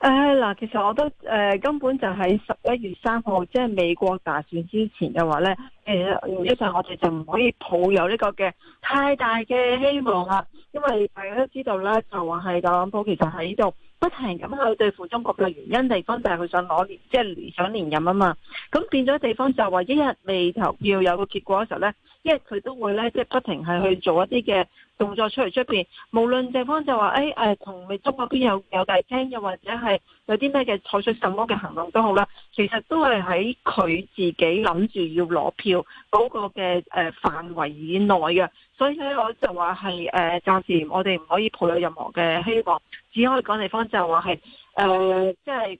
誒，嗱，其實我都誒、呃、根本就喺十一月三號，即係美國大選之前嘅話咧，其實上我哋就唔可以抱有呢個嘅太大嘅希望啦，因為大家都知道咧，就話係特朗普其實喺度不停咁去對付中國嘅原因地方,地方就係佢想攞，即係想連任啊嘛，咁變咗地方就話一日未投票有個結果嘅時候咧。即係佢都會咧，即係不停係去做一啲嘅動作出嚟出邊，無論對方就話誒誒，同美國嗰邊有有大聲，又或者係有啲咩嘅採取什麼嘅行動都好啦，其實都係喺佢自己諗住要攞票嗰個嘅誒範圍以內嘅，所以咧我就話係誒暫時我哋唔可以抱有任何嘅希望，只可以講地方就話係誒即係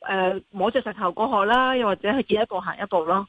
誒摸着石頭過河啦，又或者係見一步行一步咯。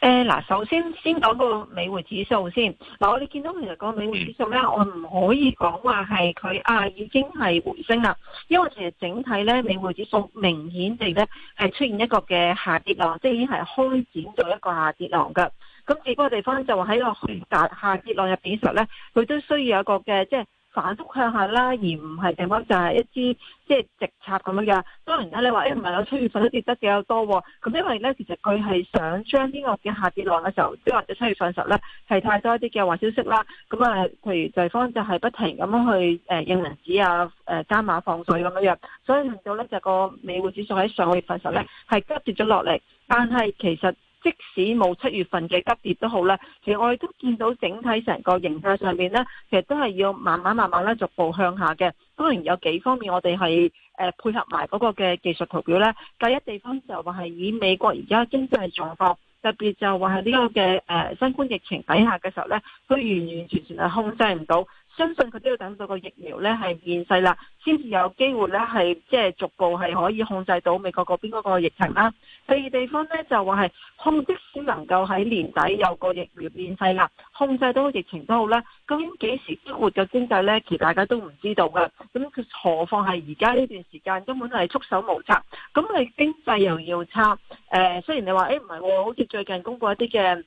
誒、嗱、呃，首先先講個美匯指數先。嗱、呃，我哋見到其實個美匯指數咧，我唔可以講話係佢啊已經係回升啦，因為其實整體咧美匯指數明顯地咧係出現一個嘅下跌浪，即係已經係開展咗一個下跌浪嘅。咁至嗰個地方就話喺個下下跌浪入邊時候咧，佢都需要有一個嘅即係。反覆向下啦，而唔係凈方就係、是、一支即係、就是、直插咁樣嘅。當然啦，你話誒唔係有七月份都跌得比較多喎、啊。咁因為咧，其實佢係想將呢個嘅下跌浪嘅時候，即係或者七月份嘅時候咧，係太多一啲嘅壞消息啦。咁、嗯呃、啊，譬如地方就係不停咁樣去誒印銀紙啊，誒加碼放水咁樣樣，所以令到咧就是、個美匯指數喺上個月份時候咧係急跌咗落嚟，但係其實，即使冇七月份嘅急跌都好啦，其實我哋都見到整體成個形態上面呢，其實都係要慢慢慢慢咧逐步向下嘅。當然有幾方面我哋係誒配合埋嗰個嘅技術圖表呢。第一地方就話係以美國而家經濟狀況，特別就話係呢個嘅誒新冠疫情底下嘅時候呢，佢完完全全係控制唔到。相信佢都要等到個疫苗咧係面世啦，先至有機會咧係即係逐步係可以控制到美國嗰邊嗰個疫情啦。第二地方咧就話係，即使能夠喺年底有個疫苗面世啦，控制到疫情都好啦，咁幾時激活嘅經濟咧，其實大家都唔知道噶。咁佢何況係而家呢段時間根本係束手無策，咁你經濟又要差，誒、呃，雖然你話誒唔係，我、哎、好似最近公布一啲嘅。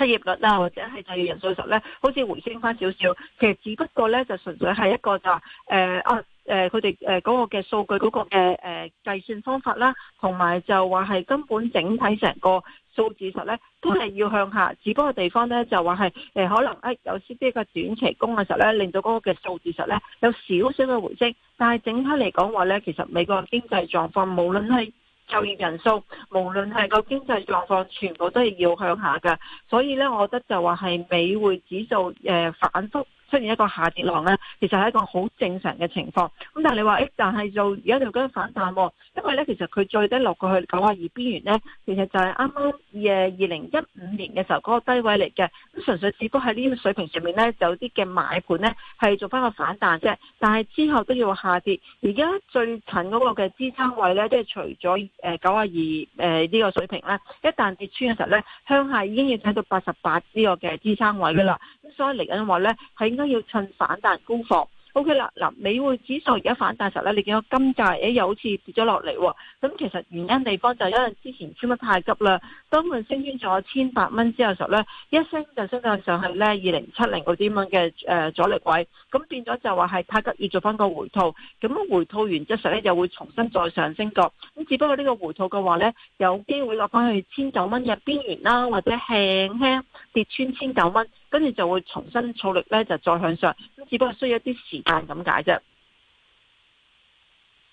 失業率啦，或者係就業人數實咧，好似回升翻少少。其實只不過咧，就純粹係一個就話誒啊誒，佢哋誒嗰個嘅數據嗰個嘅誒計算方法啦，同埋就話係根本整體成個數字實咧，都係要向下。只嗰個地方咧，就話係誒可能誒有少少嘅短期工嘅時候咧，令到嗰個嘅數字實咧有少少嘅回升。但係整體嚟講話咧，其實美國經濟狀況無論係。就業人數，無論係個經濟狀況，全部都係要向下嘅，所以咧，我覺得就話係美匯指數誒、呃、反覆。出現一個下跌浪咧，其實係一個好正常嘅情況。咁但係你話，誒，但係就而家又覺得反彈，因為咧其實佢最低落過去九啊二邊緣咧，其實就係啱啱誒二零一五年嘅時候嗰個低位嚟嘅。咁純粹只不過喺呢個水平上面咧，有啲嘅買盤咧係做翻個反彈啫。但係之後都要下跌。而家最近嗰個嘅支撐位咧，即係除咗誒九啊二誒呢個水平咧，一旦跌穿嘅時候咧，向下已經要睇到八十八呢個嘅支撐位嘅啦。咁、嗯、所以嚟緊話咧，喺都要趁反彈高沽。O K 啦，嗱，美匯指數而家反彈時候咧，你見到金價誒又好似跌咗落嚟喎。咁其實原因地方就係因為之前升得太急啦，當佢升穿咗千八蚊之後時候咧，一升就升到上去咧二零七零嗰啲蚊嘅誒阻力位。咁變咗就話係太急，要做翻個回吐。咁回吐原則上咧，又會重新再上升過。咁只不過呢個回吐嘅話咧，有機會落翻去千九蚊嘅邊緣啦，或者輕輕跌穿千九蚊。跟住就會重新蓄力咧，就再向上，只不過需要一啲時間咁解啫。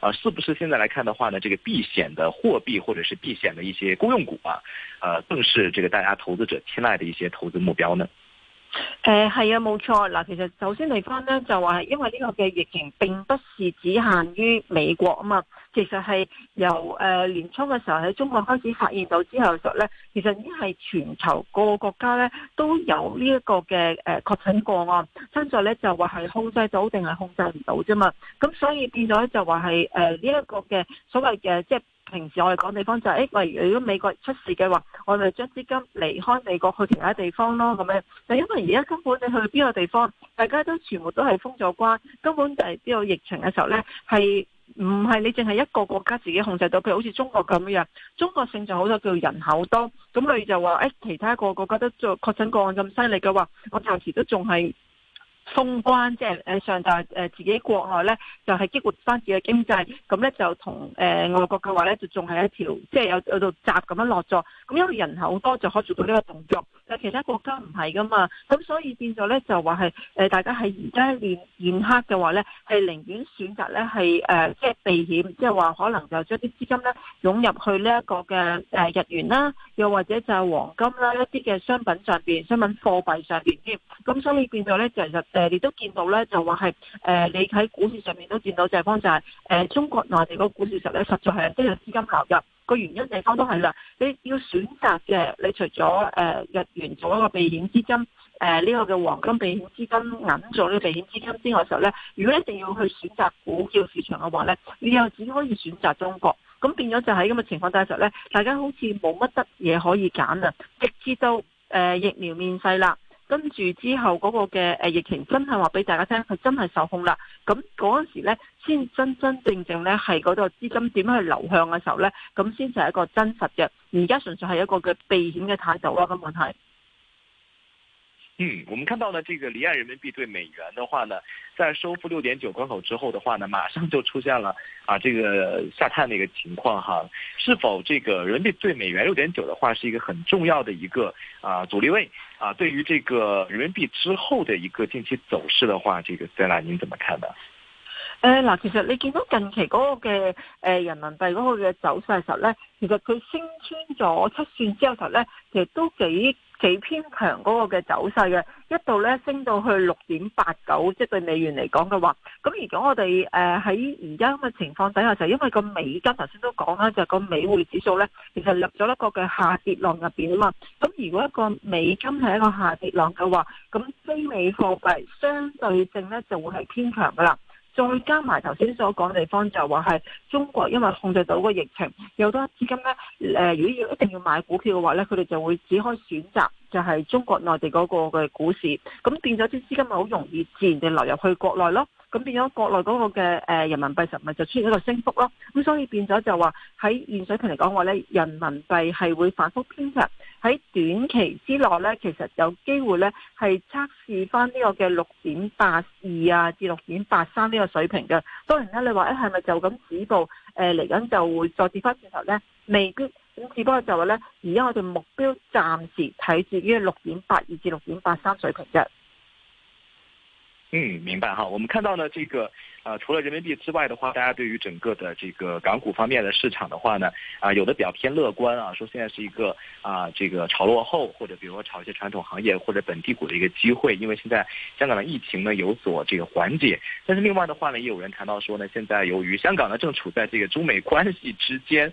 啊，是不是現在來看的話呢，這個避險的貨幣或者是避險的一些公用股啊，呃，更是這個大家投資者青睞的一些投資目標呢？誒，係啊、呃，冇錯嗱。其實首先嚟翻咧，就話係因為呢個嘅疫情，並不是只限於美國啊嘛。其實係由誒、呃、年初嘅時候喺中國開始發現到之後嘅時候咧，其實已經係全球各個國家咧都有呢一個嘅誒確診個案。跟住咧就話係控制到定係控制唔到啫嘛。咁所以變咗咧就話係誒呢一個嘅所謂嘅即係。平時我哋講地方就係，誒，我如果美國出事嘅話，我咪將資金離開美國去其他地方咯，咁樣。但因為而家根本你去邊個地方，大家都全部都係封咗關，根本就係呢個疫情嘅時候呢，係唔係你淨係一個國家自己控制到？譬如好似中國咁樣，中國性就好多叫人口多，咁你就話，誒，其他個國家都做確診個案咁犀利嘅話，我暫時都仲係。封關即係誒上大誒自己國內咧就係、是、激活翻自己嘅經濟，咁咧就同誒外國嘅話咧就仲係一條即係有有度閘咁樣落座，咁因為人口多就可以做到呢個動作，但其他國家唔係噶嘛，咁所以變咗咧就話係誒大家係而家現在現，現黑嘅話咧係寧願選擇咧係誒即係避險，即係話、就是、可能就將啲資金咧湧入去呢一個嘅誒日元啦，又或者就係黃金啦一啲嘅商品上邊、商品貨幣上邊添，咁所以變咗咧就係。誒、呃，你都見到咧，就話係誒，你喺股市上面都見到、就是，就係方就係誒，中國內地嗰個股市實咧，實在係都有資金流入。個原因地方都係啦，你要選擇嘅，你除咗誒日元做一個避險資金，誒、呃、呢、這個嘅黃金避險資金、銀做呢個避險資金之外嘅時候咧，如果一定要去選擇股票市場嘅話咧，你又只可以選擇中國。咁變咗就喺咁嘅情況底下咧，大家好似冇乜得嘢可以揀啊！直至到誒、呃、疫苗面世啦。跟住之後嗰個嘅誒疫情真係話俾大家聽，佢真係受控啦。咁嗰陣時呢，先真真正正呢係嗰度資金點樣去流向嘅時候呢，咁先就係一個真實嘅。而家純粹係一個嘅避險嘅態度咯，咁問題。嗯，我們看到呢，這個離岸人民幣對美元的話呢，在收復六點九關口之後的話呢，馬上就出現了啊，這個下探的一個情況哈。是否這個人民幣對美元六點九的話，是一個很重要的一個啊阻力位啊？對於這個人民幣之後的一個近期走勢的話，這個 Zena 您怎麼看呢？誒嗱、呃，其實你見到近期嗰個嘅誒、呃、人民幣嗰個嘅走勢時候呢，其實佢升穿咗七線之後時候呢，其實都幾。幾偏強嗰個嘅走勢嘅，一度咧升到去六點八九，即係對美元嚟講嘅話，咁如果我哋誒喺而家咁嘅情況底下，就因為個美金頭先都講啦，就係個美匯指數咧，其實入咗一個嘅下跌浪入邊啊嘛，咁如果一個美金係一個下跌浪嘅話，咁非美貨幣相對性咧就會係偏強噶啦。再加埋頭先所講嘅地方，就話係中國，因為控制到個疫情，有多資金咧。誒、呃，如果要一定要買股票嘅話咧，佢哋就會只可以選擇，就係中國內地嗰個嘅股市，咁變咗啲資金咪好容易自然地流入去國內咯，咁變咗國內嗰個嘅誒人民幣實咪就出現一個升幅咯，咁所以變咗就話喺現水平嚟講話咧，人民幣係會反覆偏強，喺短期之內咧，其實有機會咧係測試翻呢個嘅六點八二啊至六點八三呢個水平嘅。當然啦，你話誒係咪就咁止步？誒嚟緊就會再跌翻轉頭咧，未必。只不過就話呢，而家我哋目標暫時睇住於六點八二至六點八三水平啫。嗯，明白哈。我們看到呢，這個啊、呃，除了人民幣之外的話，大家對於整個的這個港股方面的市場的話呢，啊、呃，有的比較偏樂觀啊，說現在是一個啊、呃，這個炒落後或者，比如說炒一些傳統行業或者本地股的一個機會，因為現在香港嘅疫情呢有所這個緩解。但是另外的話呢，也有人談到說呢，現在由於香港呢正處在這個中美關係之間。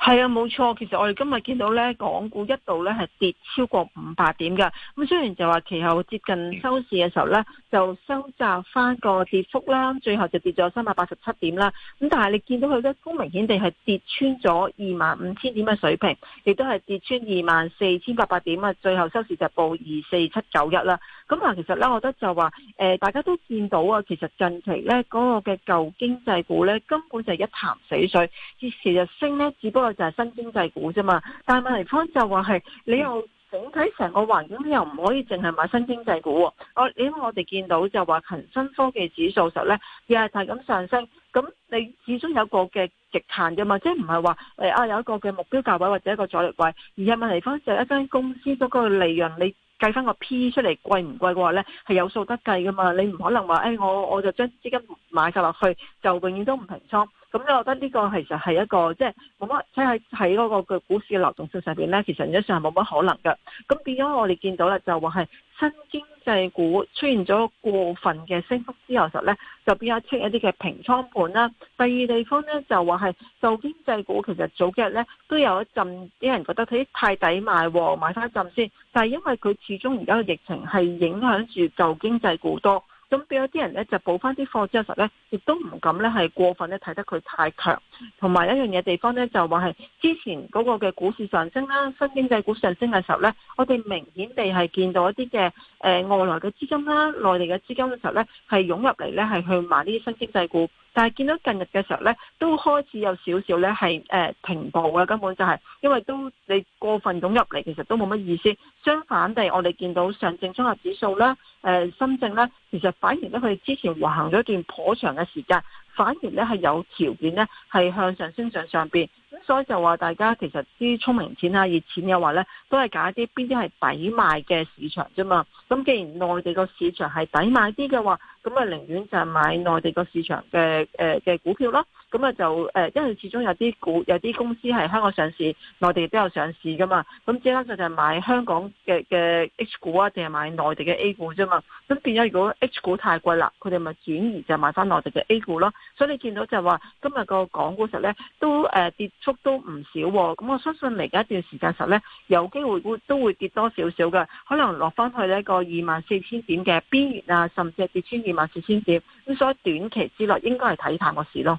係啊，冇錯。其實我哋今日見到咧，港股一度咧係跌超過五百點嘅。咁雖然就話其後接近收市嘅時候咧，就收窄翻個跌幅啦，最後就跌咗三百八十七點啦。咁但係你見到佢咧，好明顯地係跌穿咗二萬五千點嘅水平，亦都係跌穿二萬四千八百點啊。最後收市就報二四七九一啦。咁啊，其實咧，我覺得就話誒，大家都見到啊，其實近期咧嗰個嘅舊經濟股咧，根本就一潭死水，而其實升咧，只不過就係新經濟股啫嘛。但問題方就話係你又整體成個環境，你又唔可以淨係買新經濟股。我你我哋見到就話恒生科技指數實咧，日日咁上升，咁你始終有個嘅極限噶嘛，即係唔係話誒啊有一個嘅目標價位或者一個阻力位，而問題方就係一間公司嗰個利潤你。計翻個 P 出嚟，貴唔貴嘅話呢係有數得計噶嘛。你唔可能話，誒、哎，我我就將資金買晒落去，就永遠都唔平倉。咁你、嗯、覺得呢個其實係一個即係冇乜，即係喺嗰個嘅股市嘅流動性上邊咧，其實理論上係冇乜可能嘅。咁變咗我哋見到咧，就話係新經濟股出現咗過分嘅升幅之後時呢，實咧就變咗出一啲嘅平倉盤啦。第二地方咧就話係舊經濟股，其實早幾日咧都有一陣啲人覺得佢太抵買，買翻一陣先。但係因為佢始終而家嘅疫情係影響住舊經濟股多。咁俾咗啲人咧，就補翻啲貨之後實咧，亦都唔敢咧係過分咧睇得佢太強。同埋一樣嘢地方咧，就話係之前嗰個嘅股市上升啦，新經濟股上升嘅時候咧，我哋明顯地係見到一啲嘅誒外來嘅資金啦，內地嘅資金嘅時候咧，係湧入嚟咧係去買啲新經濟股。但係見到近日嘅時候咧，都開始有少少咧係誒停步啊，根本就係、是、因為都你過分咁入嚟，其實都冇乜意思。相反地，我哋見到上證綜合指數啦、誒、呃、深證咧，其實反而咧佢之前橫行咗一段頗長嘅時間，反而咧係有條件咧係向上升向上邊。所以就話大家其實啲聰明錢啊熱錢又話呢，都係揀一啲邊啲係抵買嘅市場啫嘛。咁既然內地個市場係抵買啲嘅話，咁啊寧願就係買內地個市場嘅誒嘅股票咯。咁啊，就誒，因為始終有啲股有啲公司係香港上市，內地都有上市噶嘛。咁即刻就就係買香港嘅嘅 H 股啊，定係買內地嘅 A 股啫嘛。咁變咗，如果 H 股太貴啦，佢哋咪轉移就買翻內地嘅 A 股咯。所以你見到就話今日個港股實咧都誒、呃、跌速都唔少喎、啊。咁、嗯、我相信嚟緊一段時間實咧有機會會都會跌多少少嘅，可能落翻去呢個二萬四千點嘅邊緣啊，甚至係跌穿二萬四千點。咁所以短期之內應該係睇淡個市咯。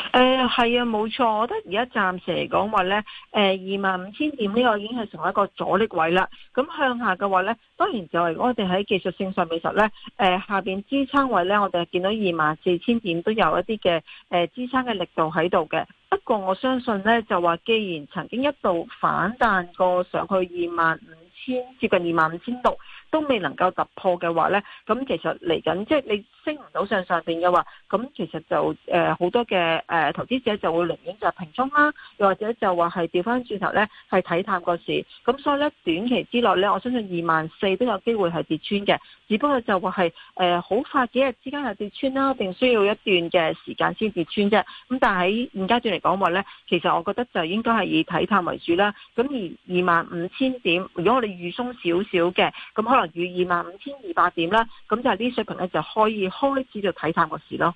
誒，係、呃、啊，冇錯，我覺得而家暫時嚟講話呢，誒、呃，二萬五千點呢個已經係成為一個阻力位啦。咁向下嘅話呢，當然就係我哋喺技術性上面實呢，誒、呃，下邊支撐位呢，我哋係見到二萬四千點都有一啲嘅，誒支撐嘅力度喺度嘅。不過我相信呢，就話既然曾經一度反彈過上去二萬五千，接近二萬五千六，都未能夠突破嘅話呢，咁其實嚟緊即係你。升唔到上上邊嘅話，咁其實就誒好、呃、多嘅誒、呃、投資者就會寧願就平沖啦、啊，又或者就話係掉返轉頭咧係睇淡個市，咁所以咧，短期之內咧，我相信二萬四都有機會係跌穿嘅，只不過就話係誒好快幾日之間係跌穿啦，定需要一段嘅時間先跌穿啫。咁但係喺現階段嚟講話咧，其實我覺得就應該係以睇淡為主啦。咁而二萬五千點，如果我哋預鬆少少嘅，咁可能預二萬五千二百點啦，咁就係啲水平咧就可以。開始就睇淡個市咯。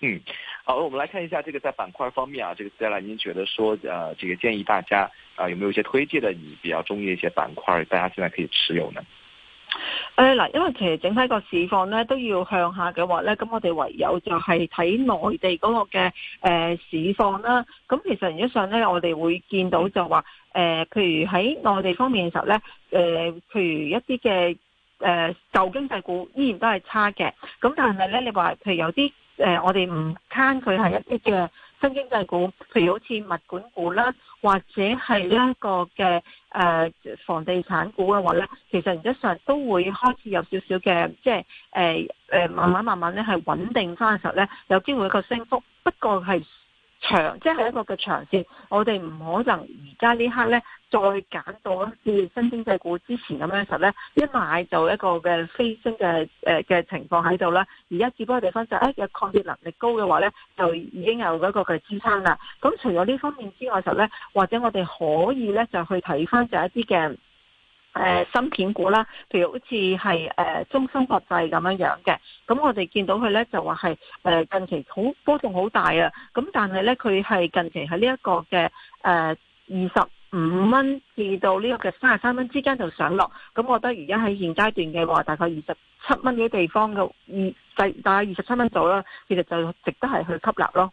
嗯，好，我們來看一下，這個在板塊方面啊，這個接下來您覺得說，呃，這個建議大家啊、呃，有沒有一些推介的？你比較中意一些板塊，大家現在可以持有呢？誒，嗱，因為其實整體個市況咧都要向下嘅話咧，咁我哋唯有就係睇內地嗰個嘅誒、呃、市況啦。咁其實原則上咧，我哋會見到就話，誒、呃，譬如喺內地方面嘅時候咧，誒、呃，譬如一啲嘅。誒、呃、舊經濟股依然都係差嘅，咁但係咧，你話譬如有啲誒、呃，我哋唔攤佢係一啲嘅新經濟股，譬如好似物管股啦，或者係一個嘅誒、呃、房地產股嘅話咧，其實原則上都會開始有少少嘅，即係誒誒，慢慢慢慢咧係穩定翻嘅時候咧，有機會有一個升幅，不過係。長即係一個嘅長線，我哋唔可能而家呢刻咧再揀到好似新經濟股之前咁樣時候咧，一買就一個嘅飛升嘅誒嘅情況喺度啦。而家只不過地方就誒有抗跌能力高嘅話咧，就已經有嗰個嘅支撐啦。咁除咗呢方面之外時候咧，或者我哋可以咧就去睇翻就一啲嘅。誒、呃、芯片股啦，譬如好似係誒中芯國際咁樣樣嘅，咁我哋見到佢咧就話係誒近期好波動好大啊。咁但係咧佢係近期喺呢一個嘅誒二十五蚊至到呢個嘅三十三蚊之間就上落，咁我覺得而家喺現階段嘅話，大概二十七蚊嘅地方嘅二，即大概二十七蚊度啦，其實就值得係去吸納咯。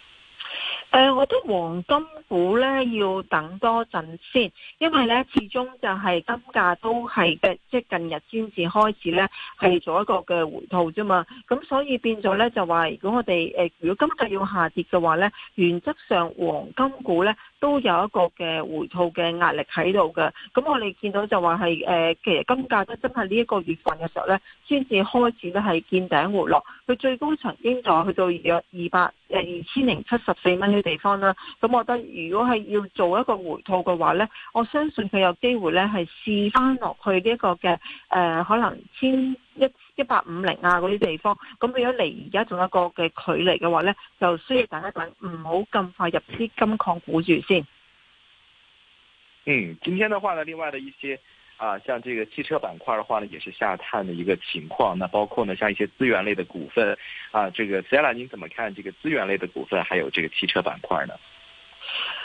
誒、呃，我覺得黃金股咧，要等多陣先，因為咧，始終就係金價都係嘅，即係近日先至開始咧係做一個嘅回吐啫嘛，咁所以變咗咧，就話，如果我哋誒、呃、如果金價要下跌嘅話咧，原則上黃金股咧。都有一個嘅回吐嘅壓力喺度嘅，咁我哋見到就話係誒，其實金價都真係呢一個月份嘅時候咧，先至開始係見頂回落，佢最高曾經就去到約二百誒二千零七十四蚊嘅地方啦。咁我覺得如果係要做一個回吐嘅話咧，我相信佢有機會咧係試翻落去呢一個嘅誒、呃，可能千一。一八五零啊嗰啲地方，咁如果離而家仲有一個嘅距離嘅話呢，就需要大家等，唔好咁快入啲金礦股住先。嗯，今天的話呢，另外的一些啊，像這個汽車板塊的話呢，也是下探的一個情況。那包括呢，像一些資源類的股份啊，這個 Celia，你怎麼看這個資源類的股份，還有這個汽車板塊呢？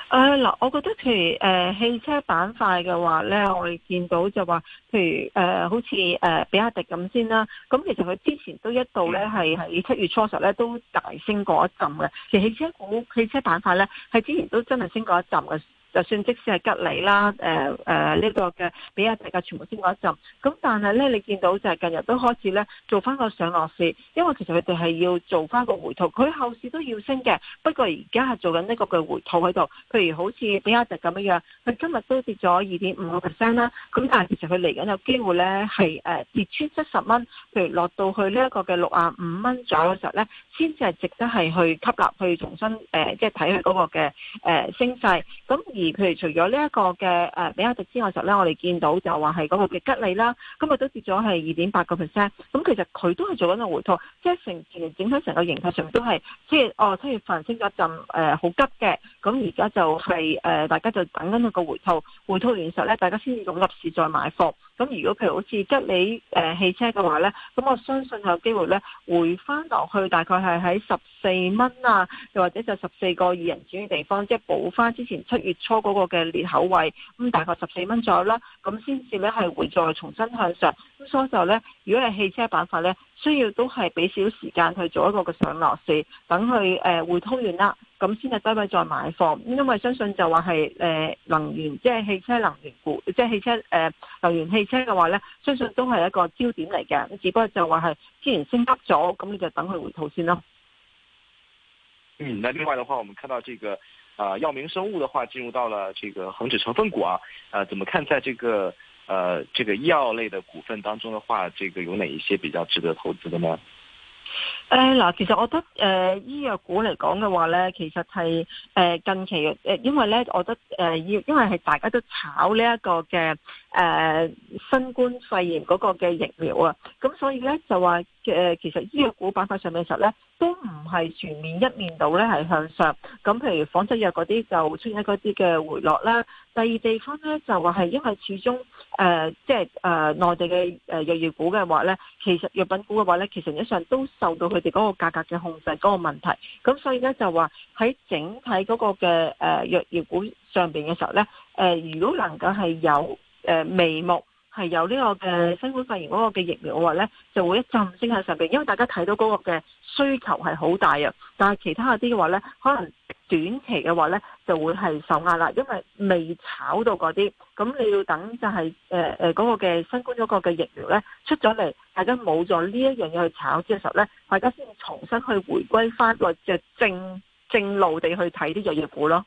誒、嗱、呃，我覺得譬如誒、呃、汽車板塊嘅話咧，我哋見到就話，譬如誒、呃、好似誒、呃、比亞迪咁先啦，咁其實佢之前都一度咧係喺七月初十咧都大升過一浸嘅，其實汽車股、汽車板塊咧係之前都真係升過一浸嘅。就算即使係吉利啦，誒誒呢個嘅比亞迪嘅全部升過一陣，咁但係咧你見到就係近日都開始咧做翻個上落市，因為其實佢哋係要做翻個回吐，佢後市都要升嘅，不過而家係做緊呢個嘅回吐喺度。譬如好似比亞迪咁樣樣，佢今日都跌咗二點五個 percent 啦，咁但係其實佢嚟緊有機會咧係誒跌穿七十蚊，譬如落到去呢一個嘅六啊五蚊左右嘅時候咧，先至係值得係去吸納去重新誒即係睇佢嗰個嘅誒、呃、升勢，咁、呃、而。佢哋除咗呢一個嘅誒、呃、比亞迪之外，就咧我哋見到就話係嗰個嘅吉利啦，今日都跌咗係二點八個 percent，咁其實佢都係做緊個回吐，即係成整體成個形態上面都係，即係哦七月份升咗一陣誒好、呃、急嘅，咁而家就係誒、呃、大家就等緊一個回吐，回吐完時候咧，大家先要湧入市再買貨。咁如果譬如好似吉利誒汽車嘅話呢，咁我相信有機會呢回翻落去大概係喺十四蚊啊，又或者就十四個二毫錢嘅地方，即係補翻之前七月初嗰個嘅裂口位，咁大概十四蚊左右啦，咁先至呢係會再重新向上。咁所以就呢，如果係汽車板塊呢。需要都係俾少時間去做一個個上落市，等佢誒回吐完啦，咁先至低位再買貨。因為相信就話係誒能源，即係汽車能源股，即係汽車誒、呃、能源汽車嘅話咧，相信都係一個焦點嚟嘅。只不過就話係之前升得咗，咁你就等佢回吐先咯。嗯，那另外嘅話，我們看到這個啊藥明生物嘅話進入到了這個恒指成分股啊，啊、呃，怎麼看在這個？誒、呃，這個醫藥類的股份當中嘅話，呢、這個有哪一些比較值得投資嘅呢？誒嗱、呃，其實我覺得誒、呃、醫藥股嚟講嘅話呢，其實係、呃、近期、呃、因為咧，我覺得誒要、呃、因為係大家都炒呢一個嘅誒、呃、新冠肺炎嗰個嘅疫苗啊，咁所以呢，就話。誒，其實醫藥股板塊上面嘅時候咧，都唔係全面一面倒咧，係向上。咁譬如仿製藥嗰啲就出現一啲嘅回落啦。第二地方咧就話係因為始終誒，即係誒內地嘅誒藥業股嘅話咧，其實藥品股嘅話咧，其實一上都受到佢哋嗰個價格嘅控制嗰個問題。咁所以咧就話喺整體嗰個嘅誒藥業股上邊嘅時候咧，誒、呃、如果能夠係有誒、呃、眉目，係有呢個嘅新冠肺炎嗰個嘅疫苗嘅話咧，就會一浸升喺上邊，因為大家睇到嗰個嘅需求係好大啊。但係其他嗰啲嘅話咧，可能短期嘅話咧就會係受壓啦，因為未炒到嗰啲，咁你要等就係誒誒嗰個嘅新冠嗰個嘅疫苗咧出咗嚟，大家冇咗呢一樣嘢去炒之後，時候咧大家先重新去回歸翻個嘅正正路地去睇啲藥業股咯。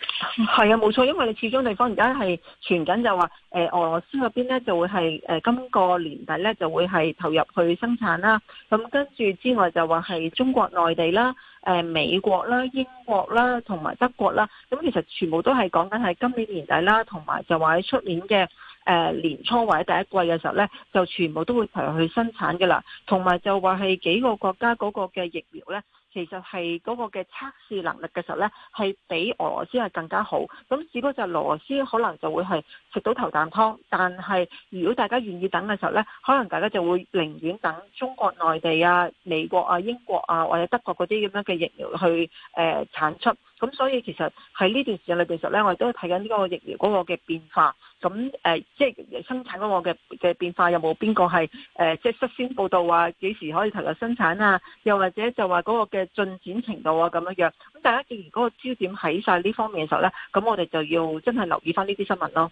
係啊，冇錯， 因為你始終地方而家係傳緊就話，誒、呃，俄羅斯嗰邊咧就會係誒今個年底咧就會係投入去生產啦。咁跟住之外就話係中國內地啦、誒、呃、美國啦、英國啦同埋德國啦，咁其實全部都係講緊係今年年底啦，同埋就話喺出年嘅誒、呃、年初或者第一季嘅時候咧，就全部都會投入去生產噶啦。同埋就話係幾個國家嗰個嘅疫苗咧。其實係嗰個嘅測試能力嘅時候呢，係比俄羅斯係更加好。咁只不過就俄羅斯可能就會係食到頭啖湯，但係如果大家願意等嘅時候呢，可能大家就會寧願等中國內地啊、美國啊、英國啊或者德國嗰啲咁樣嘅疫苗去誒、呃、產出。咁所以其實喺呢段時間裏邊，實咧我哋都係睇緊呢個疫苗嗰個嘅變化。咁誒、呃，即係生產嗰個嘅嘅變化有有，有冇邊個係誒即係率先報道話、啊、幾時可以投入生產啊？又或者就話嗰個嘅進展程度啊咁樣樣。咁大家既然嗰個焦點喺晒呢方面嘅時候咧，咁我哋就要真係留意翻呢啲新聞咯。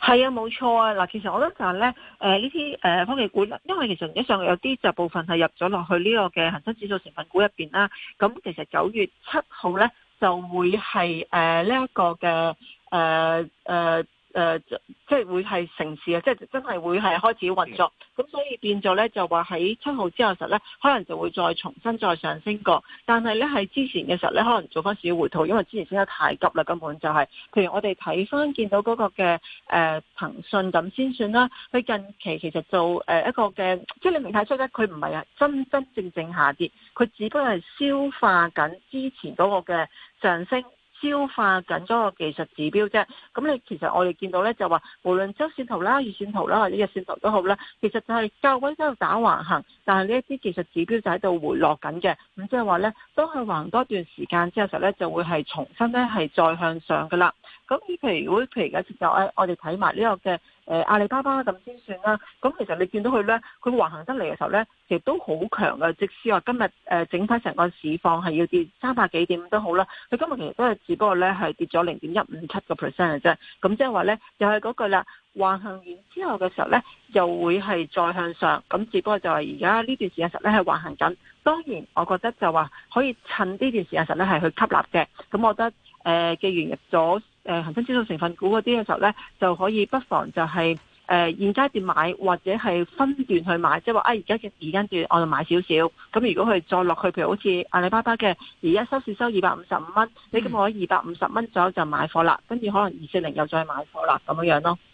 係啊，冇錯啊！嗱，其實我諗就係咧，誒呢啲誒科技股啦，因為其實一上有啲就部分係入咗落去呢個嘅恒生指數成分股入邊啦。咁其實九月七號咧就會係誒呢一個嘅誒誒。呃呃誒、呃、即係會係城市啊！即係真係會係開始運作，咁、嗯、所以變咗咧就話喺七號之後嘅時候咧，可能就會再重新再上升過。但係咧喺之前嘅時候咧，可能做翻少回吐，因為之前升得太急啦，根本就係、是、譬如我哋睇翻見到嗰個嘅誒騰訊咁先算啦。佢近期其實做誒一個嘅，即係你未睇出咧，佢唔係真真正正下跌，佢只不過係消化緊之前嗰個嘅上升。消化緊嗰個技術指標啫，咁你其實我哋見到咧就話，無論周線圖啦、月線圖啦或者日線圖都好啦，其實就係高位都有打橫行，但係呢一啲技術指標就喺度回落緊嘅，咁即係話咧，當佢橫多段時間之後咧，就會係重新咧係再向上㗎喇。咁，譬如如果譬如而家就誒，我哋睇埋呢個嘅誒阿里巴巴咁先算啦。咁其實你見到佢咧，佢橫行得嚟嘅時候咧，其實都好強嘅。即使話今日誒整體成個市況係要跌三百幾點都好啦，佢今日其實都係只不過咧係跌咗零點一五七個 percent 嘅啫。咁即係話咧，又係嗰句啦，橫行完之後嘅時候咧，又會係再向上。咁只不過就係而家呢段時間實咧係橫行緊。當然，我覺得就話可以趁呢段時間實咧係去吸納嘅。咁我覺得誒、呃，既然入咗。誒恆、呃、生指數成分股嗰啲嘅時候咧，就可以不妨就係、是、誒、呃、現階段買，或者係分段去買，即係話啊，而家嘅時間段我哋買少少，咁如果佢再落去，譬如好似阿里巴巴嘅，而家收市收二百五十五蚊，你咁我二百五十蚊左右就買貨啦，跟住可能二四零又再買貨啦，咁樣樣咯。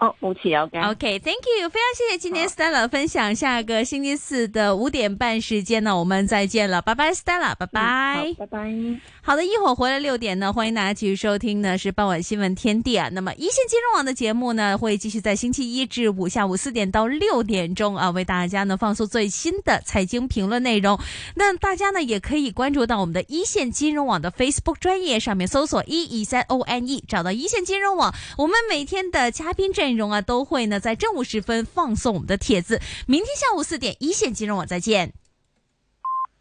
哦，好似有 OK，Thank、okay, you，非常謝謝今天 Stella 好分享。下個星期四的五點半時間呢，我們再見了，拜拜，Stella，拜拜，嗯，好，拜拜，好的，一會回來六點呢，歡迎大家繼續收聽呢，是傍晚新聞天地啊。那麼一線金融網的節目呢，會繼續在星期一至五下午四點到六點鐘啊，為大家呢放送最新的財經評論內容。那大家呢，也可以關注到我們的一線金融網的 Facebook 專頁上面搜索 E E 三 O N E，找到一線金融網。我們每天的嘉賓陣。內容啊，都會呢在正午時分放送我們的帖子。明天下午四點，一線金融網，再見。